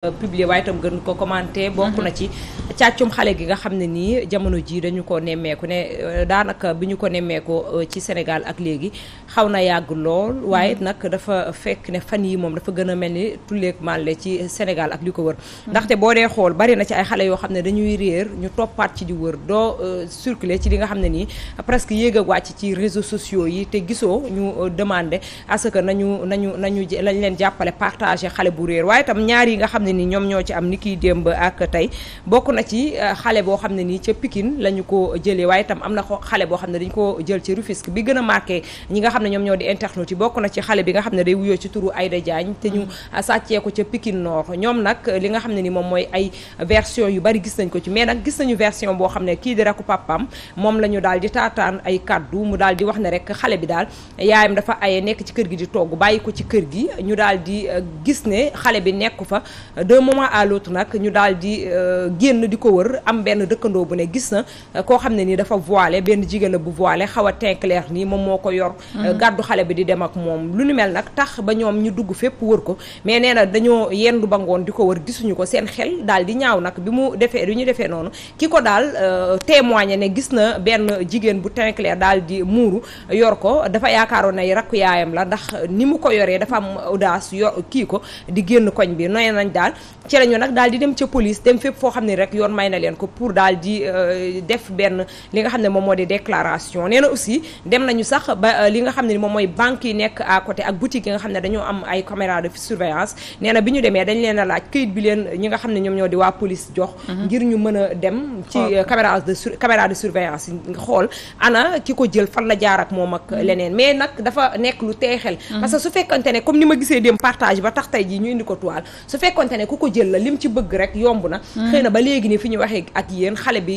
publier waaye itam gën ko commenté bokk na ci càccum xale gi nga xam ne nii jamono ji dañu ko nemmeeku ne euh, daanaka bi ñu ko nemmeekoo euh, ci Sénégal ak léegi xaw na yàgg lool waaye nag dafa fekk ne fan yi moom dafa gën a mel ni tulleeg màlle ci Sénégal ak li ko wër ndaxte boo dee xool bari na ci ay xale yoo xam ne dañuy réer ñu toppaat ci di wër doo euh, circuler ci li nga xam ne nii presque yéeg a wàcc ci réseau sociaux yi te gisoo ñu demandé à que nañu nañu nañu lañ leen jàppale partagé xale bu réer ne ni ñoom ñoo ci am ni kiy démb ak tey bokk na ci euh, xale boo xam ne nii ca Pikine la ñu ko jëlee waaye tam am na xale boo xam ne dañu ko jël ci Rufisque bi gën a marqué ñi nga xam ne ñoom ñoo di internautes yi bokk na ci xale bi nga xam ne day wuyoo ci turu Aïda Diagne te ñu mm. sàccee ko ca pikin Nord ñoom nag li nga xam ne ni moom mooy ay version yu bari gis nañ ko ci mais nag gis nañu version boo xam ne kii di raku papam moom la ñu daal di taataan ay kaddu mu dal di wax ne rek xale bi daal yaayam dafa aye nekk ci kër gi di togg bàyyi ko ci kër gi ñu daal di euh, gis ne xale bi nekku fa d'un moment à l'autre nag ñu daal di euh, génn di ko wër am benn dëkkandoo bu ne gis na euh, koo xam ne nii dafa voile benn jigéen la bu voile xaw a teint nii moom moo ko yor mhm. euh, gàddu xale bi di dem ak moom lu ni mel nag tax ba ñoom ñu dugg fépp wër ko mais nee na dañoo yendu ba ngoon di ko wër gisuñu ko seen xel daal di ñaaw nag bi mu defee bi ñu defee noonu ki ko daal témoigné ne gis na benn jigéen bu teint clair daal di muuru yor ko dafa yaakaaroon ne rakku yaayam la ndax ni mu ko yoree dafa am audace yor kii ko di génn koñ bi noye nañ daal Sénégal ci la ñu nag daal di dem ca police dem fépp foo xam ne rek yoon may na leen ko pour daal di euh, def benn li nga xam ne moom moo di déclaration nee na aussi dem nañu sax ba euh, li nga xam ne moom mooy banque yi nekk à côté ak boutique yi nga xam ne dañoo am ay caméra de surveillance nee na bi ñu demee dañ leen a laaj këyit bi leen ñi nga xam ne ñoom ñoo di waa police jox mhm. ngir ñu mën a dem ci euh, caméra de caméra surveillance yi nga xool ana ki ko jël fan la jaar ak moom ak mhm. leneen mais nag dafa nekk lu teexel mhm. parce que su fekkante ne comme ni ma gisee dem partage ba tax tey ji ñu indi ko toile ne ku ko jël la lim ci bëgg rek yomb na hmm. xëy na ba léegi nii fi ñu waxee ak yéen xale bi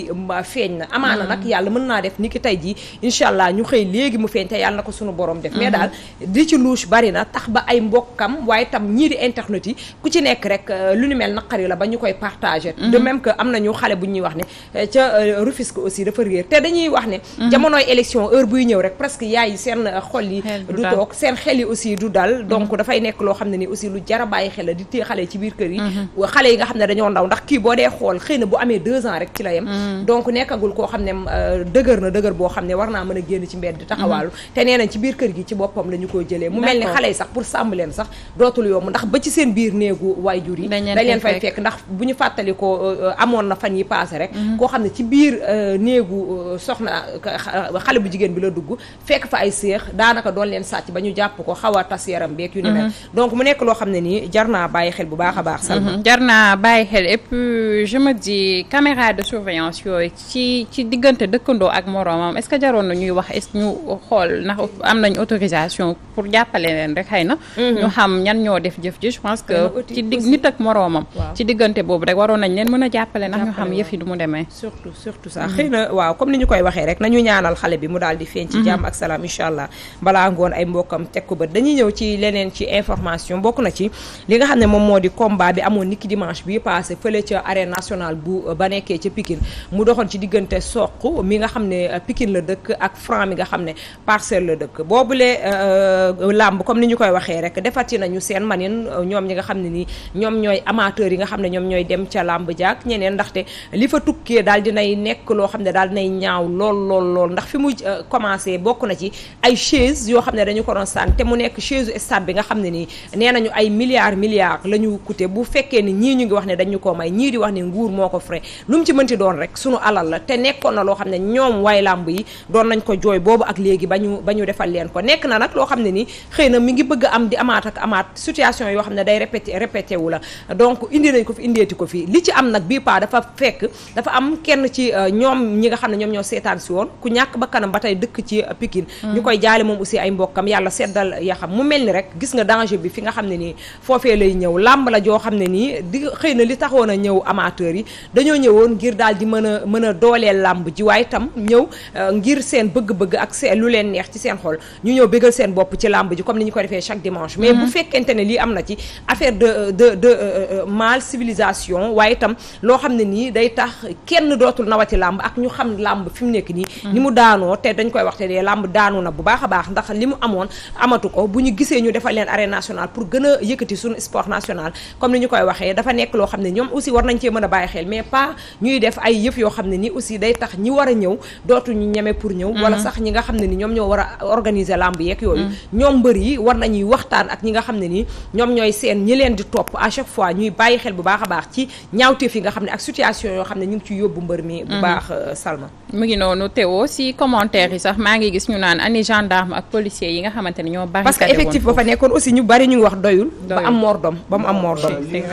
feeñ na amaana hmm. nag yàlla mën naa def ni ki tey jii incha allah ñu xëy léegi mu feeñ te yàlla na ko sunu borom def mais hmm. daal di ci louche bari na tax ba ay mbokkam waaye tam ñiiri internet yi ku ci nekk rek euh, lu ni mel naqari la ba ñu koy partagé de même que am na ñu xale bu ñuy wax ne euh, ca euh, Rufisque aussi dafa réer te dañuy wax ne jamonoy élection heure buy ñëw rek presque yaay yi seen xol seen xel yi du dal donc dafay nekk loo xam ne ni aussi lu jara bàyyi xel la di téye xale ci biir kër yi mhm. xale yi nga xam ne dañoo ndaw ndax kii boo dee xool xëy na bu amee deux rek ci la yem mhm. donc nekkagul koo xam ne euh, dëgër na dëgër boo xam ne war naa mën a génn ci mbedd di taxawaalu mhm. te nee nañ ci biir kër gi ci boppam la ñu koy jëlee mu mel ni xale yi sax pour sàmm leen sax dootul yomb ndax ba ci seen biir néegu waajur yi dañ leen fay fekk ndax bu ñu fàttali euh, euh, amoon na fan yi passé rek koo xam ne ci biir néegu soxna xale bu jigéen bi la dugg fekk fa ay séex daanaka doon leen sàcc ba ñu jàpp ko xaw a tas yaram beeg yu ni mel donc mu nekk loo xam ne nii jar a baax. Mhm. jar naa bàyyi xel et puis je me dis caméra de surveillance yooyu ci ci diggante dëkkandoo ak moroomam est-ce que jaroon na ñuy wax est ñu xool ndax am nañ autorisation pour jàppale leen rek xëy na. Mhm. ñu xam ñan ñoo def jëf ji je pense que ci digg nit ak moroomam. ci diggante boobu rek waroon nañ leen mën a jàppale ndax ñu xam yëf yi du mu demee. surtout surtout ça mhm. xëy na waaw comme ni ñu koy waxee rek nañu ñaanal xale bi mu daal di feeñ ci jàmm ak salaam incha balaa ngoon ay mbokkam teg ko ba dañuy ñëw ci leneen ci information bokk na ci combat bi amoon niki dimanche bi passé fële ca arène nationale bu euh, ba nekkee ca Pikine mu doxoon ci diggante soq mi nga xam ne euh, Pikine la dëkk ak franc mi nga xam ne parcelle la dëkk boobulee euh, làmb comme ni ñu koy waxee rek defati nañu seen manin ñoom ñi nga xam ne nii ñoom ñooy amateurs yi nga xam ne ñoom ñooy dem ca làmb jaak ñeneen ndaxte li fa tukkee daal dinay nekk loo xam ne daal dinay ñaaw lool lool lool ndax fi mu commencé bokk na ci ay chaise yoo xam ne dañu ko doon mu nekk chaise stade nga xam ne nii bu fekkee ni ñii ñu ngi wax ne dañu ko may ñii di wax ne nguur moo ko frais lu mu ci mënti doon rek sunu alal la te nekkoon na loo xam ne ñoom way làmb yi doon nañ ko jooy boobu ak léegi ba ñu ba ñu defal leen ko nekk na nag loo xam ne ni xëy na ngi bëgg am di amaat ak amaat situation yoo xam ne day répété répété wu la donc indi nañ ko fi indeeti ko fi li ci am nag bii dafa fekk dafa am kenn ci euh, ñoom ñi nga xam ne ñoom ñoo seetaan si woon ku ñàkk ba kanam ba tey dëkk ci euh, Pikine mm. ñu koy jaale moom aussi ay mbokkam yàlla seddal ya xam mu mel ni rek gis nga danger bi fi nga xam ne nii foofee lay ñëw làmb la joo xam ne nii di xëy na li taxoon a ñëw amateurs yi dañoo ñëwoon ngir daal di mën a mën a dooleel làmb ji waaye itam ñëw euh, ngir seen bëgg-bëgg ak seen lu leen neex ci seen xol ñu ñëw bëggal seen bopp ci làmb ji comme ni ñu ko defee chaque dimanche mais bu mhm. fekkente ne lii am na ci affaire de euh, de de euh, mal civilisation waaye itam loo xam ne nii day tax kenn dootul nawati làmb ak ñu xam làmb fi mu nekk nii mhm. ni mu daanoo te dañ koy waxte dee làmb daanu na bu baax a baax ndax li mu amoon amatu ko bu ñu gisee ñu defal leen arène nationale pour gën a yëkkati suñu sport national comme ni ñu koy waxee dafa nekk loo xam ne ñoom aussi war nañ cee mën a bàyyi xel mais pas ñuy def ay yëf yoo xam ne ni aussi day tax ñi war a ñëw dootuñu ñeme pour ñëw mm-hmm. wala sax ñi nga xam ne ni ñoom ñoo war a organiser lamb yeeg yooyu mm-hmm. ñoom mbër yi war nañuy waxtaan ak ñi nga xam ne ni ñoom ñooy seen ñi leen di topp à chaque fois ñu bàyyi xel bu baax a baax ci ñaawteef yi nga xam ne ak situation yoo xam ne ñu ngi ci yóbbu mbër mi bu mm-hmm. baax euh, Salma mu ngi noonu Théo si commentaire yi sax maa ngi gis ñu naan ani gendarme ak policier yi nga xamante ne ñoo bari parce nekkoon aussi ñu bari ñu wax doyul ba am mordom li nga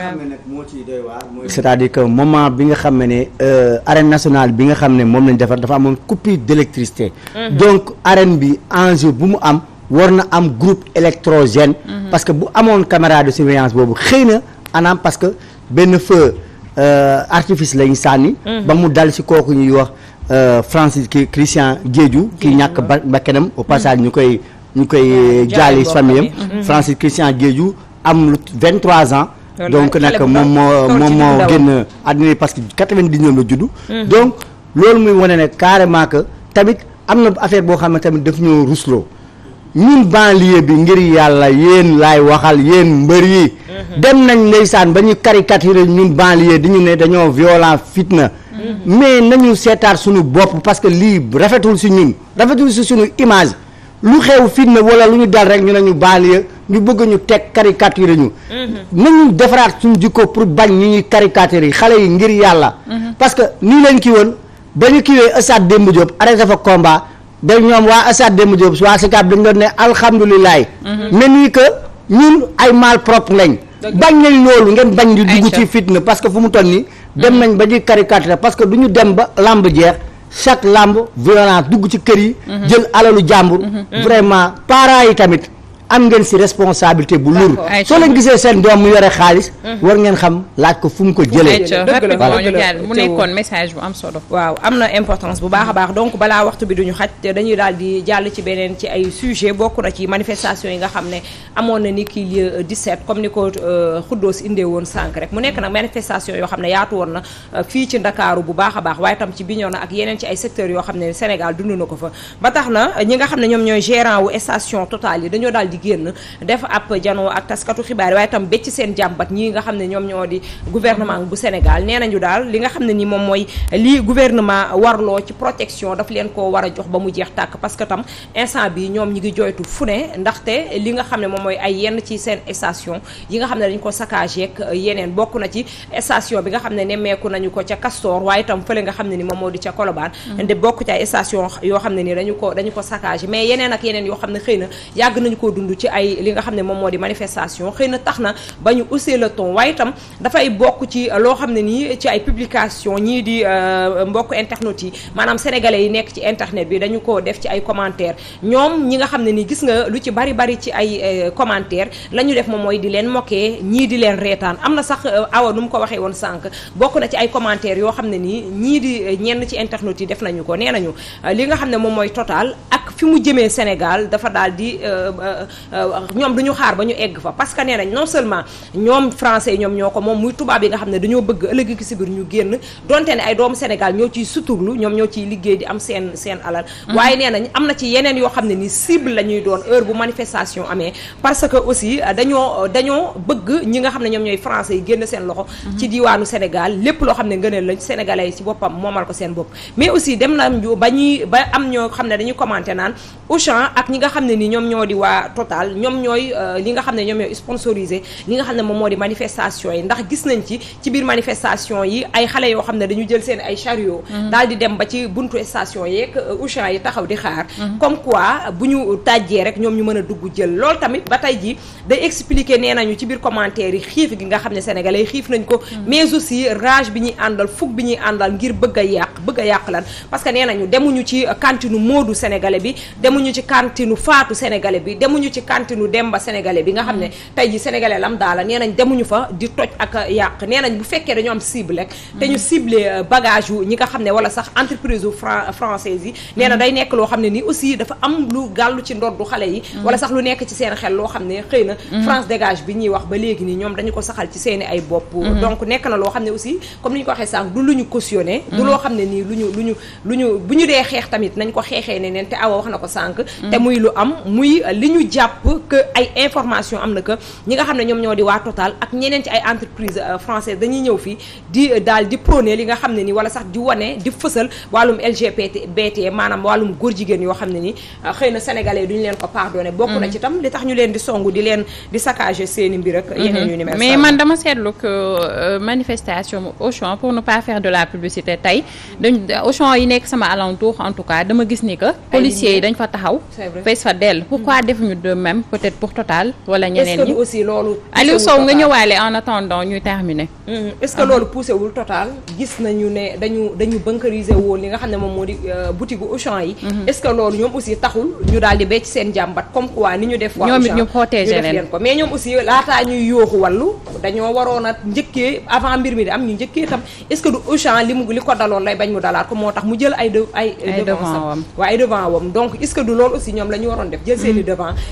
c'est-à-dire que moment bi nga xam ne euh, arène nationale bi nga xam ne moom lañ defar dafa amoon coupure d'électricité mhm. donc arène bi enjeu bu mu am war na am groupe électrogène mhm. parce que bu amoon caméra de surveillance boobu xëy na anaam parce que benn feu euh, artifice lañu sànni mhm. ba mu dal ci kooku ñuy wax euh, Francis ki Christian géeju ki ñàkk ba bakkanam au passage ñu koy ñu koy jaali famille Francis Christian Diédiou am 23 ans donc nag moom moo moom moo génn àddina parce que quatre-vingt-dix-neuf la juddu hmm. donc loolu muy wane ne carrément que tamit am na affaire boo xam ne tamit daf ñoo rusloo ñun banlieue bi ngir yàlla yéen laay waxal yéen mbër yi hmm. dem nañ ndeysaan ba ñu caricature ñun banlieue di ñu ne dañoo violent fitna hmm. mais nañu seetaat suñu bopp parce que lii rafetul si ñun rafetul si suñu image lu xew fitna wala lu ñu dal rek ñu ne ñu ñu bëgg ñu teg caricature ñu. Mm-hmm. nañu defaraat suñu jikko pour bañ ñu ñuy caricature yi xale yi ngir yàlla. Mm-hmm. parce que nii leen kii woon ba ñu kiiwee Assad Demba Diop arrêté fa combat da ñoom waa Assad Demba Diop waa SICAP dañu doon ne alhamdulilah. Mm-hmm. mais nii que ñun ay mal propre bañ nañ loolu ngeen bañ di dugg ci fitna parce fu mu toll nii. dem nañ ba di caricature parce du ñu dem ba lamb jeex. chaque lamb violence dugg ci kër yi. jël alalu jàmbur. vraiment am ngeen si responsabilité bu lourd soo leen gisee seen doom mu yore xaalis mm-hmm. war ngeen xam laaj ko fu mu ko jëlee mu nekkoon message bu am solo waaw am na importance a baax donc balaa waxtu bi duñu xaj dañuy daal di jàll xam ne amoon na ni kii lieu 17 comme ni ko xuddoos euh, indee woon sànq rek mu nekk nag manifestation yoo xam ne yaatu woon na euh, fii ci Ndakaaru bu baax a baax waaye tam ci Bignona ak yeneen ci ay secteurs yoo xam ne Sénégal dund na ko fa ba tax na ñi nga xam ne ñoom ñooy gérant wu station Total yi dañoo daal génn def ab janoo ak taskatu xibaar waaye itam bécc seen jàmbat ñii nga xam ne ñoom ñoo di gouvernement bu Sénégal nee nañu daal li nga xam ne ni moom mooy lii gouvernement warloo ci protection daf leen koo war a jox ba mu jeex tàkk parce que tam instant bi ñoom ñi ngi joytu fu li nga xam ne moom mooy ay yenn ci seen station yi nga xam ne dañ ko saccagé ak yeneen bokk na ci station bi nga xam ne nemmeeku nañu ko ca Castor waaye itam fële xam ne ni moom moo di ca Colobane de mm. yoo xam ne ni dañu ko dañu ko saccagé mais yeneen ak yeneen yoo xam ne xëy na yàgg nañu koo dund juddu ci ay li nga xam ne moom moo di manifestation na tax na ba ñu hausser le ton waaye dafay bokk ci loo xam ne nii ci ay publication ñii di euh, mbokk internet yi maanaam sénégalais yi nekk ci internet bi dañu ko def ci ay commentaire ñoom ñi nga xam ne nii gis nga lu ci bari bari ci ay euh, commentaire la ñu def moom mooy di leen moquer ñii di leen reetaan am na sax euh, awa ko waxee woon sànq bokk na ci ay commentaires yoo xam ne nii ñii di ñenn ci internet yi def nañu ko nee nañu li xam ne moom mooy total ak fi mu jëmee Sénégal dafa daal Euh, ñoom du ñu xaar ba ñu egg fa parce que nee nañ non seulement ñoom français ñoom ñoo ko moom muy tubaab yi nga xam ne dañoo bëgg ëllëg ki si ñu génn donte ne ay doomu Sénégal ñoo ciy suturlu ñoom ñoo ciy liggéey di am seen seen alal mhm. waaye nee nañ am na ci yeneen yoo xam ne ni cible la ñuy doon heure bu manifestation amee parce que aussi euh, dañoo dañoo bëgg ñi nga xam ne ñoom ñooy français yi génn seen loxo mhm. ci diwaanu Sénégal lépp loo xam ne ngëneel lañ sénégalais yi ci boppam moomal ko seen bopp mais aussi dem na ba ñuy ba am ñoo xam ne dañu commenté naan Auchan ak ñi nga xam ne nii ñoom ñoo di waa total ñoom ñooy euh, li nga xam ne ñoom ñooy sponsorisé li nga xam ne moom moo di manifestation yi ndax gis nañ ci ci biir manifestation yi ay xale yoo xam ne dañu jël seen ay chariot mhm. daal di dem ba ci buntu station yeeg Auchan euh, yi taxaw di xaar mhm. comme quoi bu ñu tàjjee rek ñoom ñu mën a dugg jël loolu tamit ba tey ji day expliquer nee nañu ci biir commentaire yi xiif gi nga xam ne sénégalais xiif nañ ko mhm. mais aussi rage bi ñuy àndal fukk bi ñuy àndal ngir bëgg a yàq bëgg a yàq lan parce ci cantine Modou sénégalais bi demuñu ci cantine ci ci cantine ba sénégalais bi nga xam ne mm. tey ji sénégalais lam daala nee nañ demuñu fa di toj ak yàq nee nañ bu fekkee dañu am cible rek mm. te ñu cible euh, bagage yu ñi nga xam ne wala sax entreprise yu française yi nee na mm. day nekk loo xam ne nii aussi dafa am lu gàllu ci ndoddu xale yi wala sax lu nekk ci seen xel loo xam ne xëy na France dégage bi ñuy wax ba léegi nii ñoom dañu ko saxal ci seeni ay bopp donc nekk na loo xam ne aussi comme ni ñu ko waxee sànq du lu ñu cautionné du loo xam ne nii lu ñu lu ñu lu ñu bu ñu dee xeex tamit nañ ko xeexee ne neen te awa wax na ko sànq te muy lu am muy li ñu jàpp que ay information am na que ñi nga xam ne ñoom ñoo di waa Total ak ñeneen ci ay entreprise euh, française dañuy ñëw fii di euh, daal di prôné li nga xam ne ni wala sax di wane di fësal wàllum LGBT maanaam wàllum góor jigéen yoo xam ne ni euh, xëy na sénégalais duñu leen ko pardonné. bokk na mm-hmm. ci tam li tax ñu leen di songu di leen di saccagé seeni mbir ak. Mm-hmm. yeneen yu mais man dama seetlu que manifestation Auchan pour ne pas de la publicité tey dañ Auchan yi nekk sama alentour en tout cas dama gis ni que yi dañ fa taxaw. le même peut-être pour Total. wala ñeneen ñi aussi loolu. nga ñëwaale en attendant ñuy terminer. Mm-hmm. est loolu poussé Total. gis nañu ne dañu dañu bunkeriser woon li nga xam ne moom moo di euh, boutique bu Auchan yi. Mm-hmm. est loolu ñoom aussi taxul ñu daal becc seen jàmbat comme quoi ni ñu def. waa ñoom it ñu ñuy yooxu wàllu dañoo waroon a njëkkee avant mbir mi di am ñu njëkkee tam est du Auchan li mu li ko daloon lay bañ mu dalaat ko moo tax mu jël ay. ay devant waaye devant wam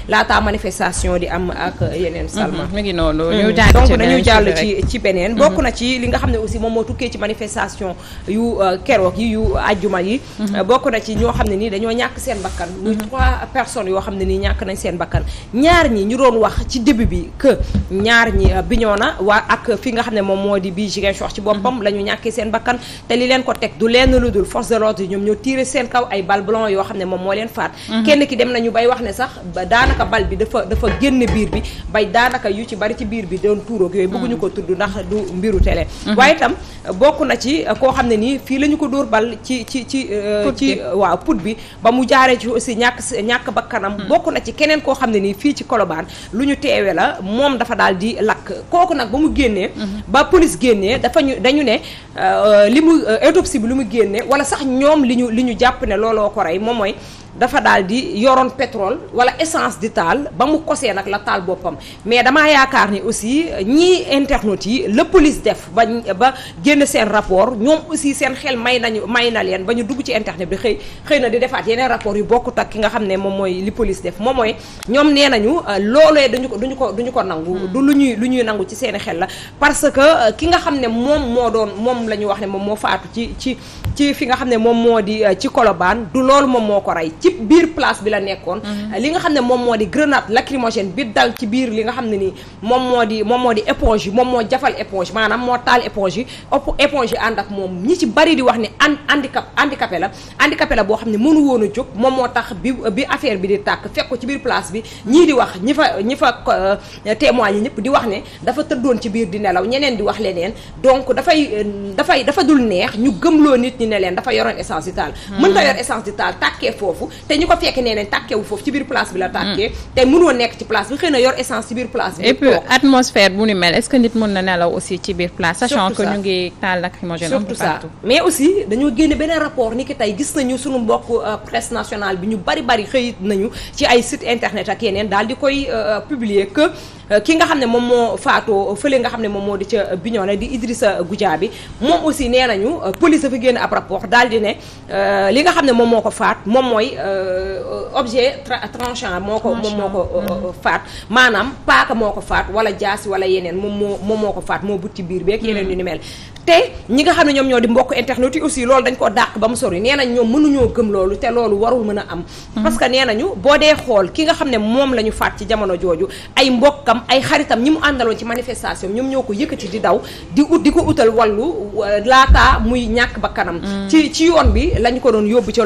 laata manifestation di am ak yeneen mhm. Salma mi ngi noonu mm. donc dañu jàll ci ci beneen bokk mhm. na ci li nga xam ne aussi moom moo tukkee ci manifestation yu euh, keroog yi yu ajjuma yi mhm. euh, bokk na ci ñoo xam ne nii dañoo ñàkk seen bakkan muy trois personnes yoo xam ne nii ñàkk nañ seen bakkan ñaar ñi ñu doon wax ci début bi que ñaar ñi euh, Bignona waa ak fi nga xam ne moom moo di bii Ziguinchor ci boppam la ñu ñàkkee seen bakkan te li leen ko teg du leen lu dul force de l'ordre ñoom ñoo tiré seen kaw ay balles blancs yoo xam ne moom moo leen faat kenn ki dem nañu bay wax ne sax daanaka daanaka bal bi dafa dafa génn biir bi bay daanaka yu ci bari ci biir bi doon tuuroog yooyu mm. bëgguñu ko tudd ndax du mbiru tele mm-hmm. waaye itam bokk na ci koo xam ne nii fii la ñu ko dóor bal ci ci ci euh, ci euh, waaw put bi ba mu jaaree ci aussi ñàkk ñàkk bakkanam mm. bokk na ci keneen koo xam ne nii fii ci Colobane lu ñu teewe la moom dafa daal di lakk kooku nag ba mu génnee mm-hmm. ba police génnee dafa ñu dañu ne euh, li mu autopsie bi lu mu génnee wala sax ñoom li ñu li ñu jàpp ne looloo ko rey moom mooy dafa daal di yoroon pétrole wala essence di taal ba mu kosee nag la taal boppam mais damaa yaakaar ni aussi ñii internautes yi la police def ba ba génn seen rapport ñoom aussi seen xel may nañu may na leen ba ñu dugg ci internet bi xëy xëy na di defaat yeneen rapport yu bokkut ak ki nga xam ne moom mooy li moom mooy ñoom nee nañu euh, loolee duñu ko duñu ko duñu ko nangu hmm. lu ñuy lu ñuy nangu ci seen xel la parce que euh, ki nga xam ne moo doon moom la ñu wax ne moom moo faatu ci ci ci fi nga xam ne moom moo di euh, ci Colobane du loolu moom moo ko rey ci biir place bi la nekkoon mhm. euh, li nga xam ne moom moo di grenade lacrymogène bi dal ci biir li nga xam ne ni moom moo di moom moo di éponge yi moom moo jafal éponge maanaam moo taal éponge yi ëpp éponge yi ànd ak moom ñi di wax ne an handicap handicapé la handicapé la boo xam ne mënu woon a jóg moom moo tax bi bi affaire bi di tàkk fekk ko ci biir place bi ñii di wax ñi fa ñi fa euh, témoins yi ñëpp di wax ne dafa tëddoon ci biir di nelaw ñeneen di wax leneen donc dafay euh, dafay dafa dul neex ñu loo nit ñi ne leen dafa yoroon essence di taal hmm. mën nga yor essence di taal tàkkee foofu te ñu ko fekk nee nañ tàkkewu foofu ci biir place bi la tàkkee mm. te mënoo nekk ci place bi xëy na yor essence ci biir place bi et puis atmosphère bu ni mel est que nit mën na nelaw aussi ci biir place sachant que ñu ngi taal mais aussi dañoo génne beneen rapport ni ki tey gis nañu suñu mbokk euh, presse bi ñu bari bari xëyit nañu ci ay site internet ak yeneen daal di koy euh, euh, publier ki nga xam ne moom moo faatoo fële nga xam ne moom moo di ca Bignona di Idrissa Goudiaby moom aussi nee nañu police dafa génn ab rapport daal di ne li nga xam ne moom moo ko faat moom mooy Euh, objet tranchant moo ko moom moo ko euh, mm-hmm. faat maanaam paaka moo ko faat wala jaasi wala yeneen moom moo moom moo ko faat moo but ci biir beeg yeneen mm-hmm. yu ni mel te ñi nga xam ne ñoom ñoo di mbokk internet yi aussi loolu dañ ko dàq ba mu sori nee nañ ñoom mënuñoo gëm loolu te loolu warul mën a am mm-hmm. parce que nee nañu boo dee xool ki nga xam ne moom la ñu faat ci jamono jooju ay mbokkam ay xaritam ñi mu àndaloon ci manifestation ñoom ñoo ko yëkkati di daw di ut di ko utal wallu euh, laataa muy ñàkk ba mm. ci ci yoon bi lañu ko doon yóbbu ci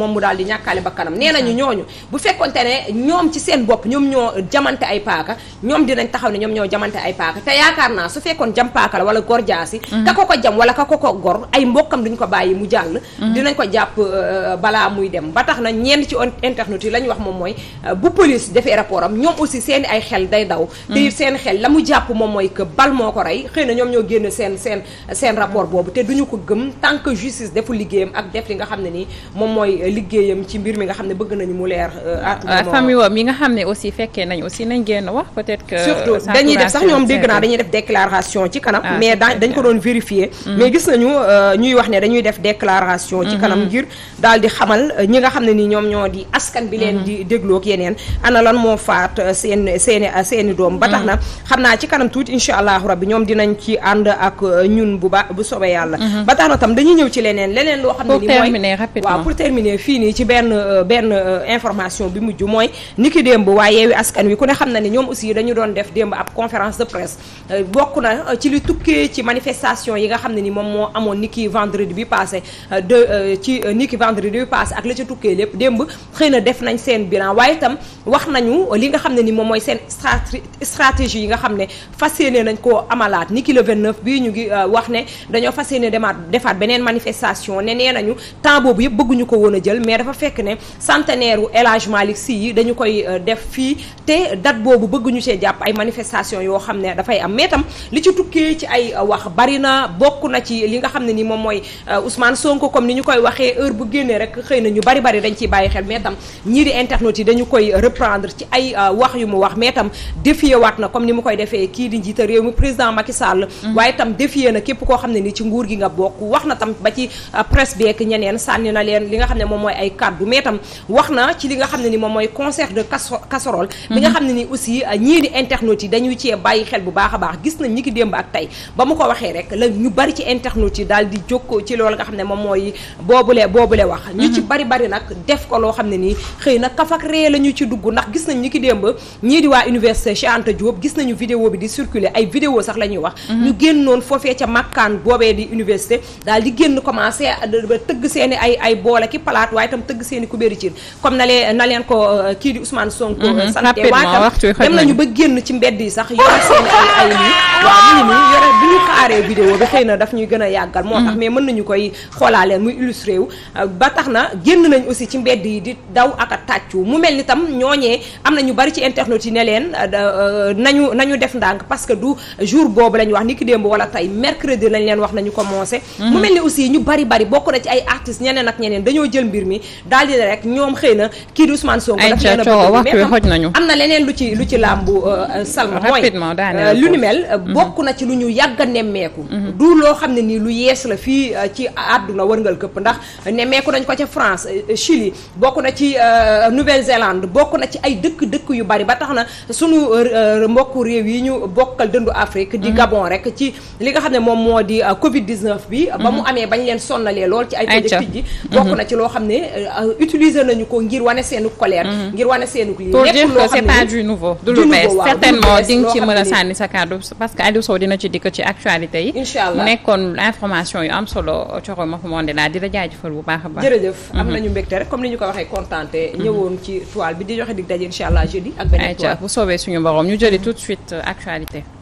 moom mu di ñàkkaale yóbbaale ba kanam nee nañu ñooñu bu fekkonte ne ñoom ci seen bopp ñoom ñoo jamante ay paaka ñoom dinañ taxaw ne ñoom ñoo jamante ay paaka te yaakaar naa su fekkoon jam paaka la wala gor mhm. ka ko ko jam wala ka ko ko gor ay mbokkam duñ ko bàyyi mu jàll mhm. dinañ ko jàpp euh, balaa muy dem ba tax na ñenn ci internet yi la ñu wax moom mooy euh, bu police defee rapport am ñoom aussi seen ay xel day daw mhm. te it seen xel la mu jàpp moom mooy que bal moo ko rey xëy na ñoom ñoo génn seen seen seen rapport boobu te duñu ko gëm tant que justice deful liggéeyam ak def li nga xam ne nii moom mooy euh, mbir mi nga xam ne bëgg nañu mu leer. Euh, euh, famille wam yi nga xam ne aussi fekkee nañ aussi nañ génn wax def sax ñoom dégg naa dañuy ah, mm-hmm. euh, mm-hmm. daal di xamal ñi nga xam ne ni ñoom ñoo di askan bi leen mm-hmm. di dégloog yeneen ana lan moo faat seen seen doom. ba tax na xam naa ci kanam tuuti incha allahu rabbi ñoom dinañ ci ànd ak ñun bu ba bu soobee yàlla. ba pour terminer fii nii ci benn Euh, benn euh, information bi mujj mooy ni ki démb waaye yeewi askan wi ku ne xam na ne ñoom aussi dañu doon def démb ab conférence de presse euh, bokk na ci li tukkee ci manifestation yi nga xam ne ni moom moo amoon ni ki vendredi bi passé de ni ki vendredi bi passé ak la tukkee lépp démb xëy na def nañ seen bilan waaye itam wax nañu li nga xam ne ni moom mooy seen stratégie yi nga xam ne fas yéene nañ ko amalaat ni ki vingt 29 bii ñu ngi wax ne dañoo fas yéene demaat defaat beneen manifestation ne nee nañu temps boobu yëpp bëgguñu ko woon a jël mais dafa fekk ne centenaire u El Hadj Malick Sy yi dañu koy euh, def fii te date boobu bëgguñu cee jàpp ay manifestation yoo xam ne dafay am mais tam li ci tukkee ci ay euh, wax bari na bokk na ci li nga xam ne nii moom mooy euh, Ousmane Sonko comme ni ñu koy waxee heure bu génnee rek xëy na ñu bari bari dañ ciy bàyyi xel mais tam ñii di internautes yi dañu koy reprendre ci ay wax yu mu wax mais tam défier waat na comme ni mu koy defee kii di njiital réew mi président Macky Sall mm. waaye tam défier na képp koo xam ne ni ci nguur gi nga bokk wax na tam ba ci presse bi ñeneen sànni na leen li nga xam ne moom waaye itam wax na ci li nga xam ne ni moom mooy concert de casserole mhm. bi nga xam ne ni aussi euh, ñii di internautes yi dañuy cee bàyyi xel bu baax a baax gis nañ ñi ki démb ak tey ba mu ko waxee rek la ñu bari ci internautes yi daal di jóg ci loolu nga xam ne moom mooy boobu boobule wax ñu mhm. ci bari bari nag def ko loo xam ne nii xëy na kafak ree la ñu ci dugg ndax gis nañ ni ki démb ñii di waa université Cheikh Anta gis nañu vidéo bi di circuler ay vidéo sax la ñuy wax mhm. ñu génnoon foofee ca makkaan boobee di université daal di génn commencé euh, tëgg seen i ay boole ni kubéeru cin comme na leen na leen ko euh, kii di Ousmane Sonko mhm, euh, sante waatam dem nañu ba génn ci mbedd yi sax yore seen ay ay lii waaw mu ngi nii yore bu ñu xaaree vidéo bi xëy na daf ñuy gën a yàggal moo tax mhm. mais mën nañu koy xoolaaleen muy illustré wu euh, ba tax na génn nañ aussi ci mbedd yi di daw ak mu mel ni tam ñooñee am na ñu bari ci internet yi ne leen nañu nañu def ndànk parce que du jour boobu la ñu wax ni ki démb wala tey mercredi lañ leen wax nañu ko commencé mhm. mu mel ni aussi ñu bari bari bokk na ci ay artistes ñeneen ak ñeneen dañoo jël mbir mi daal ne rek ñoom xëy na kii di Ousmane Sonko a bëgg am na leneen lu ci lu ci làmbu euh, Salma mooy euh, lu ni mel mm-hmm. bokk na ci lu ñu yàgg nemmeeku mm-hmm. du loo xam ne nii lu yees la fii euh, ci àdduna wërngal këpp ndax nemmeeku nañ ko ca France Chili bokk na ci Nouvelle-Zélande bokk na ci ay dëkk-dëkk yu bari ba tax na sunu mbokku réew yi ñu bokkal dëndu Afrique di mm-hmm. Gabon rek ci li nga xam ne moom moo di Covid 19 bi ba mu amee bañ leen sonnalee lool ci ay tëj ji bokk na ci loo xam ne utiliser nañu ko ngir wane seenu colère. Mhm. ngir wane seenu lii pour dire que c'est pas certainement di nga ci mën a sànni sa kàddu parce que Aliou Sow dina ci dikk ci actualité yi. incha allah nekkoon information yu am solo Coro Mokho Mandela di la jaajëfal bu baax a baax. jëf am mhm. nañu mbégte rek comme ni ñu ko waxee contenté. ñëwoon ci toile bi di joxe dig daje incha allah jeudi ak beneen toile. bu soobee suñu borom ñu jëli tout de suite actualité.